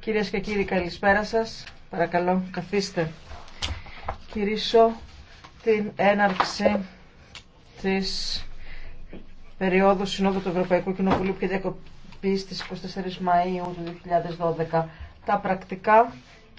Κυρίες και κύριοι, καλησπέρα σας. Παρακαλώ, καθίστε. Κυρίσω την έναρξη της περίοδου Συνόδου του Ευρωπαϊκού Κοινοβουλίου και διακοπής της 24 Μαΐου του 2012. Τα πρακτικά